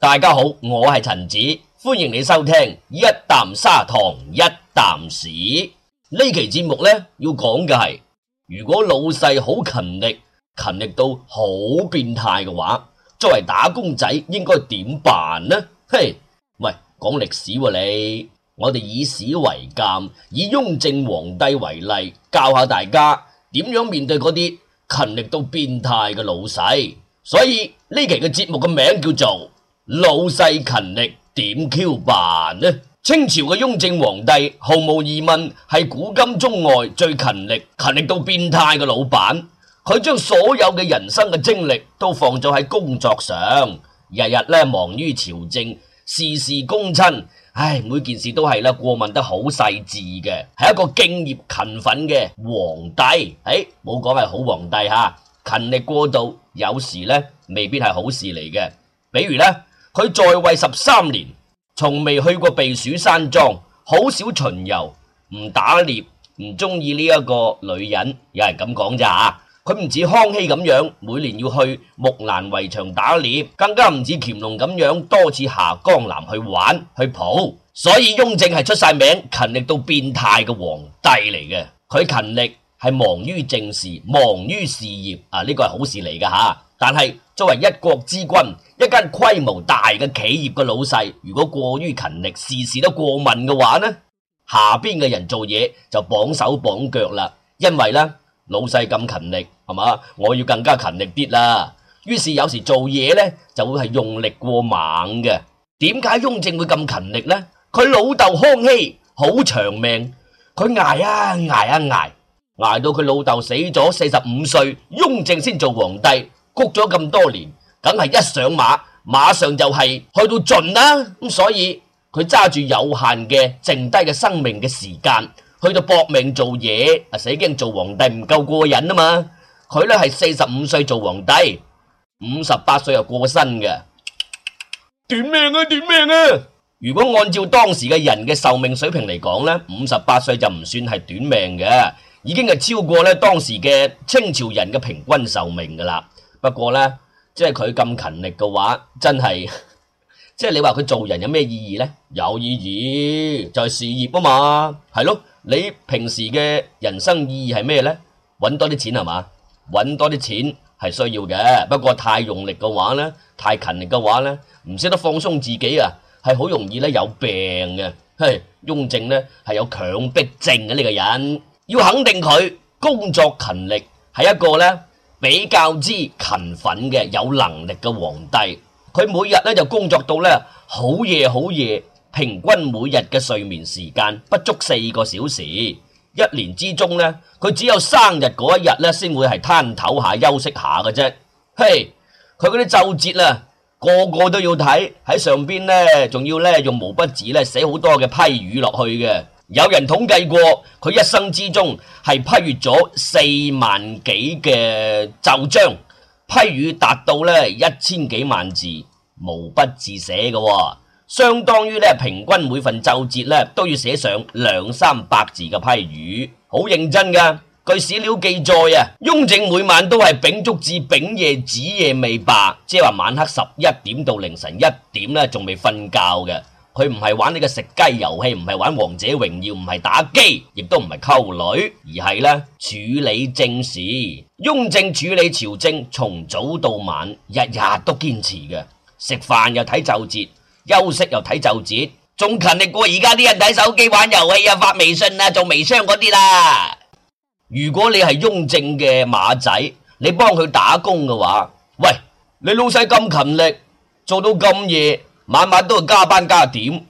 大家好，我係陳子，歡迎你收聽一啖砂糖一啖屎。呢期節目呢，要講嘅係如果老細好勤力，勤力到好變態嘅話，作為打工仔應該點辦呢？嘿，喂，講歷史喎、啊、你，我哋以史為鑑，以雍正皇帝為例，教下大家點樣面對嗰啲勤力到變態嘅老細。所以呢期嘅節目嘅名叫做。老細勤力點 Q 辦呢？清朝嘅雍正皇帝毫無疑問係古今中外最勤力、勤力到變態嘅老闆。佢將所有嘅人生嘅精力都放咗喺工作上，日日咧忙於朝政，事事躬親。唉，每件事都係啦，過問得好細緻嘅，係一個敬業勤奮嘅皇帝。誒、哎，冇講係好皇帝吓，勤力過度有時咧未必係好事嚟嘅，比如咧。佢在位十三年，從未去過避暑山莊，好少巡遊，唔打獵，唔中意呢一個女人，有人咁講咋吓？佢唔似康熙咁樣每年要去木蘭圍場打獵，更加唔似乾隆咁樣多次下江南去玩去蒲，所以雍正係出晒名勤力到變態嘅皇帝嚟嘅。佢勤力係忙於政事，忙於事業，啊呢個係好事嚟嘅吓。但係作為一國之君。一間規模大嘅企業嘅老細，如果過於勤力，事事都過問嘅話呢，下邊嘅人做嘢就綁手綁腳啦，因為呢老細咁勤力，係嘛？我要更加勤力啲啦。於是有時做嘢呢就會係用力過猛嘅。點解雍正會咁勤力呢？佢老豆康熙好長命，佢挨啊挨啊挨，挨到佢老豆死咗四十五歲，雍正先做皇帝，谷咗咁多年。梗係一上馬，馬上就係去到盡啦。咁所以佢揸住有限嘅剩低嘅生命嘅時間，去到搏命做嘢。啊，死驚做皇帝唔夠過癮啊嘛！佢呢係四十五歲做皇帝，五十八歲又過身嘅。短命啊，短命啊！如果按照當時嘅人嘅壽命水平嚟講呢，五十八歲就唔算係短命嘅，已經係超過呢當時嘅清朝人嘅平均壽命噶啦。不過呢。即係佢咁勤力嘅話，真係， 即係你話佢做人有咩意義咧？有意義，就係、是、事業啊嘛，係咯。你平時嘅人生意義係咩咧？揾多啲錢係嘛，揾多啲錢係需要嘅。不過太用力嘅話咧，太勤力嘅話咧，唔識得放鬆自己啊，係好容易咧有病嘅。嘿，雍正咧係有強迫症嘅呢個人，要肯定佢工作勤力係一個咧。比較之勤奮嘅有能力嘅皇帝，佢每日咧就工作到咧好夜好夜，平均每日嘅睡眠時間不足四個小時，一年之中咧佢只有生日嗰一日咧先會係攤頭下休息下嘅啫。嘿，佢嗰啲奏折啊，個個都要睇，喺上邊咧仲要咧用毛筆字咧寫好多嘅批語落去嘅。有人統計過，佢一生之中係批閱咗四萬幾嘅奏章，批語達到咧一千幾萬字，毛筆字寫嘅、哦，相當於咧平均每份奏折咧都要寫上兩三百字嘅批語，好認真噶。據史料記載啊，雍正每晚都係秉燭至丙夜子夜未白，即係話晚黑十一點到凌晨一點咧，仲未瞓覺嘅。佢唔係玩呢個食雞遊戲，唔係玩王者榮耀，唔係打機，亦都唔係溝女，而係呢處理政事。雍正處理朝政，從早到晚，日日都堅持嘅。食飯又睇奏摺，休息又睇奏摺，仲勤力過而家啲人睇手機玩遊戲啊，發微信啊，做微商嗰啲啦。如果你係雍正嘅馬仔，你幫佢打工嘅話，喂，你老細咁勤力，做到咁夜。晚晚都加班加點，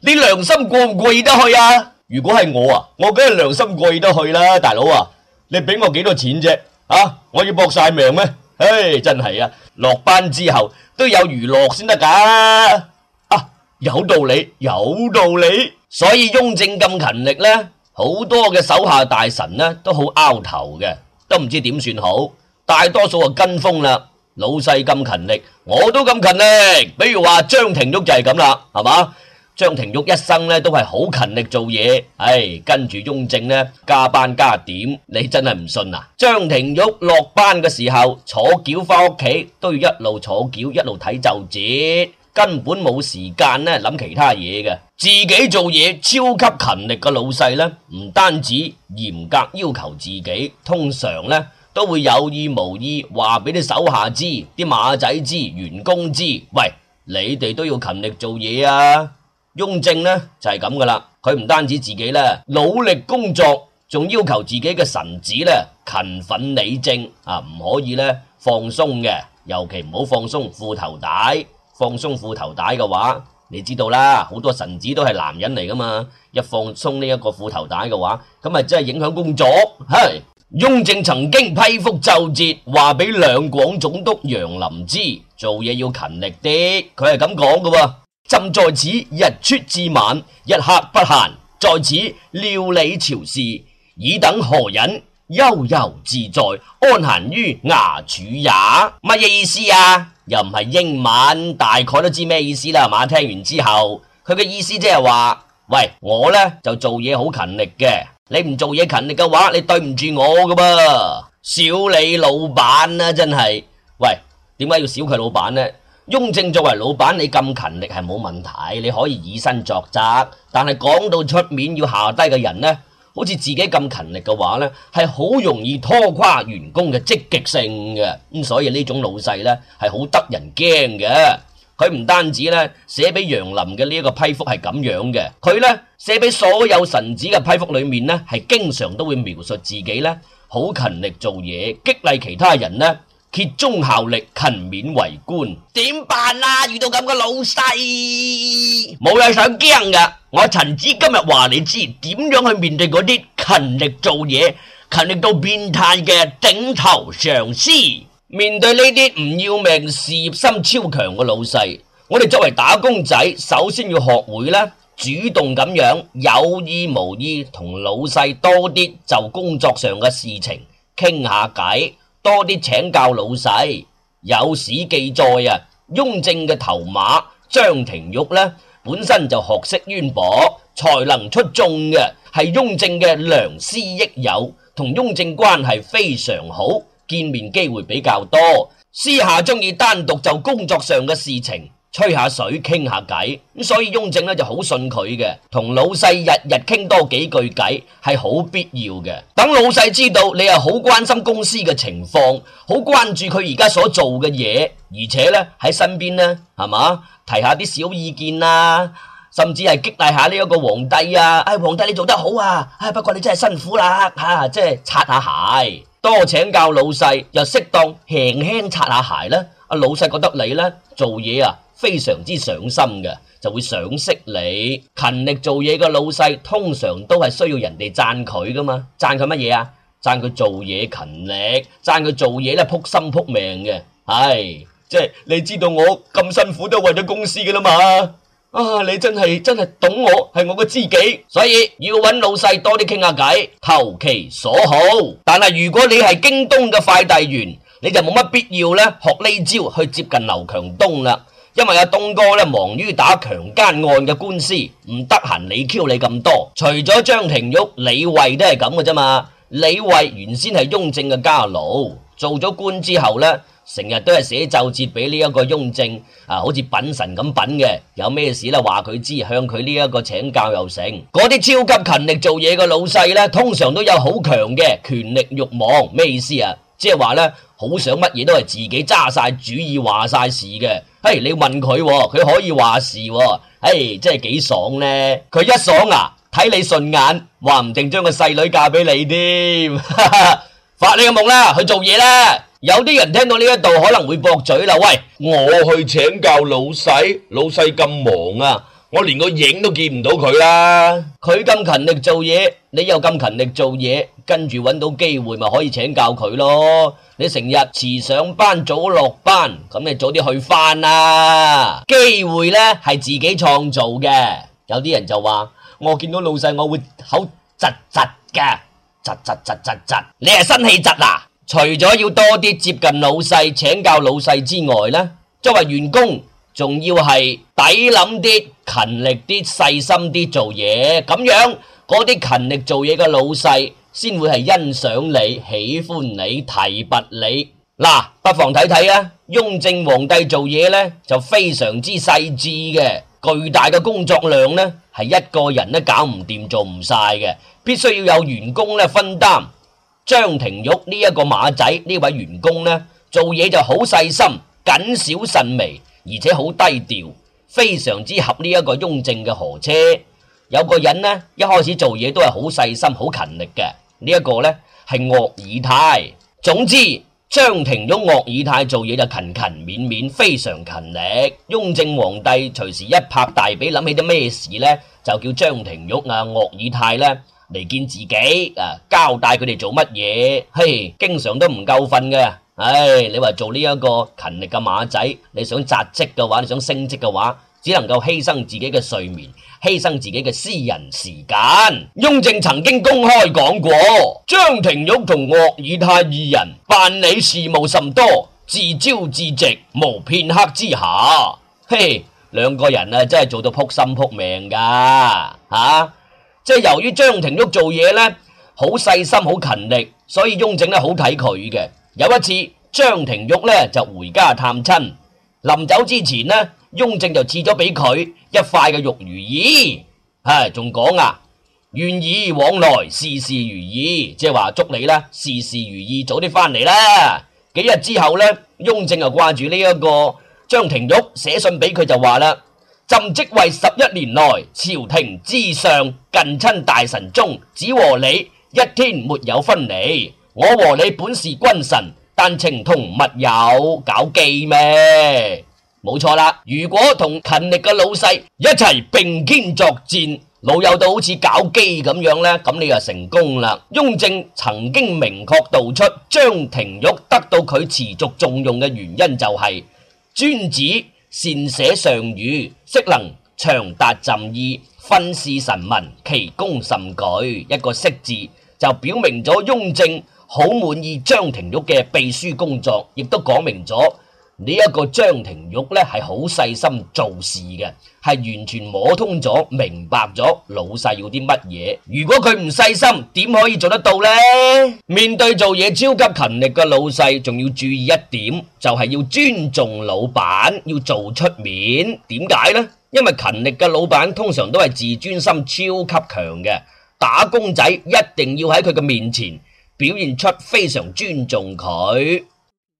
你良心過唔過意得去啊？如果係我啊，我梗係良心過意得去啦，大佬啊！你畀我幾多錢啫？啊？啊！我要搏晒命咩？唉，真係啊！落班之後都有娛樂先得噶。啊，有道理，有道理。所以雍正咁勤力咧，好多嘅手下大臣咧都好拗頭嘅，都唔知點算好，大多數係跟風啦。老細咁勤力，我都咁勤力。比如話張廷玉就係咁啦，係嘛？張廷玉一生咧都係好勤力做嘢，唉、哎，跟住雍正呢，加班加點，你真係唔信啊？張廷玉落班嘅時候坐轎翻屋企都要一路坐轎一路睇奏折，根本冇時間呢諗其他嘢嘅，自己做嘢超級勤力嘅老細呢，唔單止嚴格要求自己，通常呢。都會有意無意話畀啲手下知、啲馬仔知、員工知。喂，你哋都要勤力做嘢啊！雍正呢就係咁噶啦，佢唔單止自己呢努力工作，仲要求自己嘅臣子呢勤奮理政啊，唔可以呢放鬆嘅，尤其唔好放鬆褲頭帶。放鬆褲頭帶嘅話，你知道啦，好多臣子都係男人嚟噶嘛，一放鬆呢一個褲頭帶嘅話，咁啊真係影響工作，嘿。雍正曾經批覆奏折，話俾兩廣總督楊林知，做嘢，要勤力啲，佢係咁講㗎喎。朕在此日出至晚，一刻不閒，在此料理朝事，爾等何人悠游自在，安閒於衙署也？乜嘢意思啊？又唔係英文，大概都知咩意思啦。係嘛？聽完之後，佢嘅意思即係話：，喂，我咧就做嘢好勤力嘅。你唔做嘢勤力嘅話，你對唔住我嘅噃，小你老闆啦，啊，真係喂，點解要小佢老闆呢？雍正作為老闆，你咁勤力係冇問題，你可以以身作則。但係講到出面要下低嘅人呢，好似自己咁勤力嘅話呢，係好容易拖垮員工嘅積極性嘅咁、嗯，所以呢種老細呢，係好得人驚嘅。佢唔單止呢寫俾楊林嘅呢一個批復係咁樣嘅，佢呢寫俾所有臣子嘅批復裏面呢係經常都會描述自己呢好勤力做嘢，激勵其他人呢竭忠效力，勤勉為官。點辦啊？遇到咁嘅老細，冇嘢想驚㗎。我陳子今日話你知，點樣去面對嗰啲勤力做嘢，勤力到變態嘅頂頭上司？面對呢啲唔要命、事業心超強嘅老細，我哋作為打工仔，首先要學會呢主動咁樣有意無意同老細多啲就工作上嘅事情傾下偈，多啲請教老細。有史記載啊，雍正嘅頭馬張廷玉呢，本身就學識淵博、才能出眾嘅，係雍正嘅良師益友，同雍正關係非常好。見面機會比較多，私下中意單獨就工作上嘅事情吹下水，傾下偈，咁所以雍正呢就好信佢嘅，同老細日日傾多幾句偈係好必要嘅。等老細知道你又好關心公司嘅情況，好關注佢而家所做嘅嘢，而且呢喺身邊咧係嘛，提下啲小意見啊，甚至係激勵下呢一個皇帝啊，唉、哎、皇帝你做得好啊，唉、哎、不過你真係辛苦啦吓，即係擦下鞋。多請教老細，又適當輕輕擦下鞋咧。老細覺得你呢做嘢啊非常之上心嘅，就會賞識你勤力做嘢嘅老細，通常都係需要人哋讚佢噶嘛。讚佢乜嘢啊？讚佢做嘢勤力，讚佢做嘢呢，撲心撲命嘅。唉，即係你知道我咁辛苦都係為咗公司噶啦嘛。啊！你真係真係懂我，係我個知己，所以要揾老細多啲傾下偈，投其所好。但係如果你係京東嘅快遞員，你就冇乜必要咧學呢招去接近劉強東啦。因為阿東哥咧忙於打強奸案嘅官司，唔得閒理 Q 你咁多。除咗張廷玉、李衛都係咁嘅啫嘛。李衛原先係雍正嘅家奴，做咗官之後呢。成日都係寫奏折畀呢一個雍正啊，好似品神咁品嘅，有咩事啦話佢知，向佢呢一個請教又成。嗰啲超級勤力做嘢嘅老細咧，通常都有好強嘅權力欲望，咩意思啊？即係話咧，好想乜嘢都係自己揸晒主意，話晒事嘅。嘿，你問佢喎，佢可以話事喎。嘿，真係幾爽呢？佢一爽啊，睇你順眼，話唔定將個細女嫁俾你添。發 你個夢啦，去做嘢啦！有啲人聽到呢一度可能會駁嘴啦，喂，我去請教老細，老細咁忙啊，我連個影都見唔到佢啦。佢咁勤力做嘢，你又咁勤力做嘢，跟住揾到機會咪可以請教佢咯。你成日遲上班早落班，咁你早啲去翻啦。機會呢係自己創造嘅，有啲人就話我見到老細我會口窒窒嘅，窒窒窒窒窒，你係新氣窒啊！除咗要多啲接近老細、請教老細之外咧，作為員工仲要係抵諗啲、勤力啲、細心啲做嘢，咁樣嗰啲勤力做嘢嘅老細先會係欣賞你、喜歡你、提拔你。嗱，不妨睇睇啊，雍正皇帝做嘢咧，就非常之細致嘅，巨大嘅工作量咧，係一個人都搞唔掂、做唔晒嘅，必須要有員工咧分擔。張廷玉呢一個馬仔呢位員工呢，做嘢就好細心，謹小慎微，而且好低調，非常之合呢一個雍正嘅河車。有個人呢，一開始做嘢都係好細心好勤力嘅，呢、這、一個呢，係鄂爾泰。總之，張廷玉、鄂爾泰做嘢就勤勤勉勉，勉，非常勤力。雍正皇帝隨時一拍大髀諗起啲咩事呢，就叫張廷玉啊、鄂爾泰呢。嚟見自己啊，交代佢哋做乜嘢。嘿，經常都唔夠瞓嘅。唉、哎，你話做呢一個勤力嘅馬仔，你想扎職嘅話，你想升職嘅話，只能夠犧牲自己嘅睡眠，犧牲自己嘅私人時間。雍正曾經公開講過， 張廷玉同鄂爾泰二人辦理事務甚多，自朝至夕無片刻之下，嘿，兩個人啊，真係做到撲心撲命噶，吓、啊。即係由於張廷玉做嘢咧，好細心，好勤力，所以雍正咧好睇佢嘅。有一次，張廷玉咧就回家探親，臨走之前呢，雍正就賜咗俾佢一塊嘅玉如意，唉仲講啊，願爾往來事事如意，即係話祝你啦，事事如意，早啲翻嚟啦。幾日之後咧，雍正就掛住呢一個張廷玉，寫信俾佢就話啦。朕即位十一年來，朝廷之上近親大臣中，只和你一天沒有分離。我和你本是君臣，但情同密友，搞基咩？冇錯啦！如果同勤力嘅老細一齊並肩作戰，老友都好似搞基咁樣呢，咁你就成功啦。雍正曾經明確道出張廷玉得到佢持續重用嘅原因，就是，就係專指。善寫上語，適能長達朕意，分事臣民，其功甚巨。一個適字就表明咗雍正好滿意張廷玉嘅秘書工作，亦都講明咗。呢一個張廷玉咧，係好細心做事嘅，係完全摸通咗、明白咗老細要啲乜嘢。如果佢唔細心，點可以做得到呢？面對做嘢超級勤力嘅老細，仲要注意一點，就係、是、要尊重老闆，要做出面。點解呢？因為勤力嘅老闆通常都係自尊心超級強嘅，打工仔一定要喺佢嘅面前表現出非常尊重佢。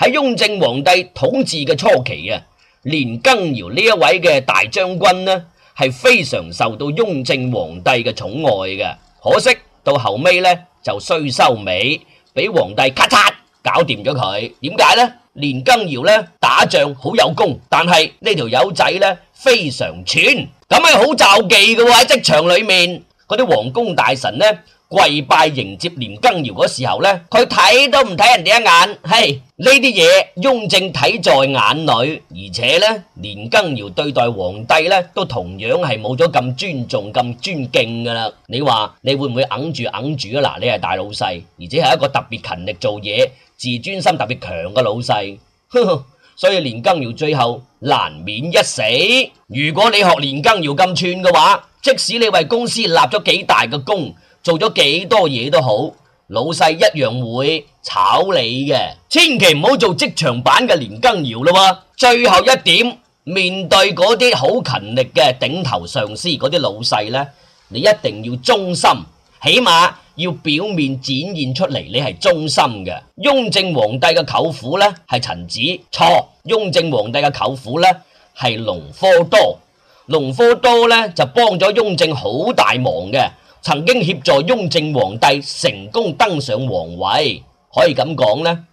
喺雍正皇帝統治嘅初期啊，年羹堯呢一位嘅大將軍呢，係非常受到雍正皇帝嘅寵愛嘅。可惜到後尾呢就衰收尾，俾皇帝咔嚓搞掂咗佢。點解呢？年羹堯呢打仗好有功，但係、這個、呢條友仔呢非常串，咁係好就忌嘅喎，喺職場裏面。嗰啲皇宮大臣呢，跪拜迎接年羹堯嗰時候呢，佢睇都唔睇人哋一眼。嘿，呢啲嘢雍正睇在眼裏，而且呢，年羹堯對待皇帝呢都同樣係冇咗咁尊重咁尊敬㗎喇。你話你會唔會揞住揞住啊？嗱，你係大老細，而且係一個特別勤力做嘢、自尊心特別強嘅老細，呵呵，所以年羹堯最後難免一死。如果你學年羹堯咁串嘅話，即使你為公司立咗幾大嘅功，做咗幾多嘢，都好，老細一樣會炒你嘅。千祈唔好做職場版嘅年羹堯啦。最後一點，面對嗰啲好勤力嘅頂頭上司，嗰啲老細呢，你一定要忠心，起碼要表面展現出嚟，你係忠心嘅。雍正皇帝嘅舅父呢，係陳子錯，雍正皇帝嘅舅父呢，係隆科多。隆科多呢，就幫咗雍正好大忙嘅，曾經協助雍正皇帝成功登上皇位，可以咁講呢，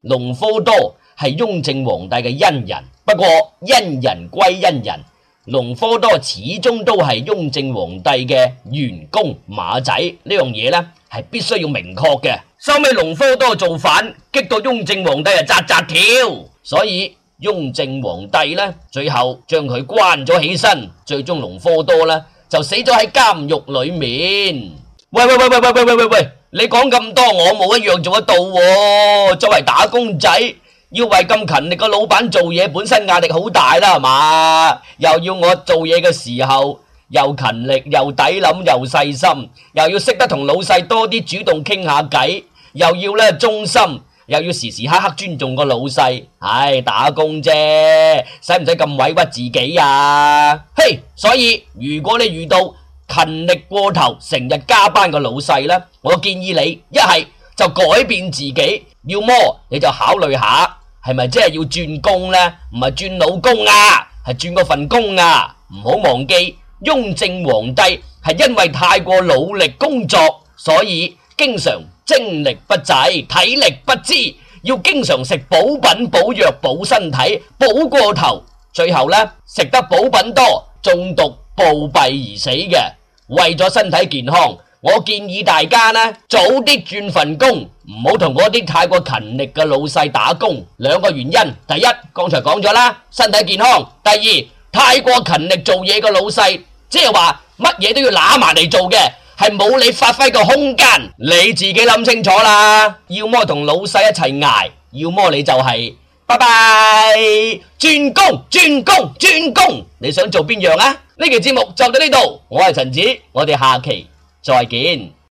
隆科多係雍正皇帝嘅恩人。不過恩人歸恩人，隆科多始終都係雍正皇帝嘅員工馬仔這呢樣嘢咧係必須要明確嘅。收尾隆科多造反，激到雍正皇帝啊扎扎跳，所以。雍正皇帝呢，最後將佢關咗起身，最終隆科多呢，就死咗喺監獄裏面。喂喂喂喂喂喂喂喂，你講咁多我冇一樣做得到喎。作為打工仔，要為咁勤力個老闆做嘢，本身壓力好大啦，係嘛？又要我做嘢嘅時候又勤力又抵諗又細心，又要識得同老細多啲主動傾下偈，又要呢忠心。又要時時刻刻尊重個老細，唉，打工啫，使唔使咁委屈自己啊？嘿，所以如果你遇到勤力過頭、成日加班嘅老細呢，我建議你一係就改變自己，要麼你就考慮下係咪真係要轉工呢，唔係轉老公啊，係轉個份工啊，唔好忘記雍正皇帝係因為太過努力工作，所以經常。精力不濟，體力不支，要經常食補品、補藥、補身體，補過頭，最後呢，食得補品多中毒暴斃而死嘅。為咗身體健康，我建議大家呢，早啲轉份工，唔好同嗰啲太過勤力嘅老細打工。兩個原因，第一剛才講咗啦，身體健康；第二太過勤力做嘢嘅老細，即係話乜嘢都要攬埋嚟做嘅。係冇你發揮個空間，你自己諗清楚啦。要麼同老細一齊挨，要麼你就係、是、拜拜，轉工轉工轉工，你想做邊樣啊？呢期節目就到呢度，我係陳子，我哋下期再見。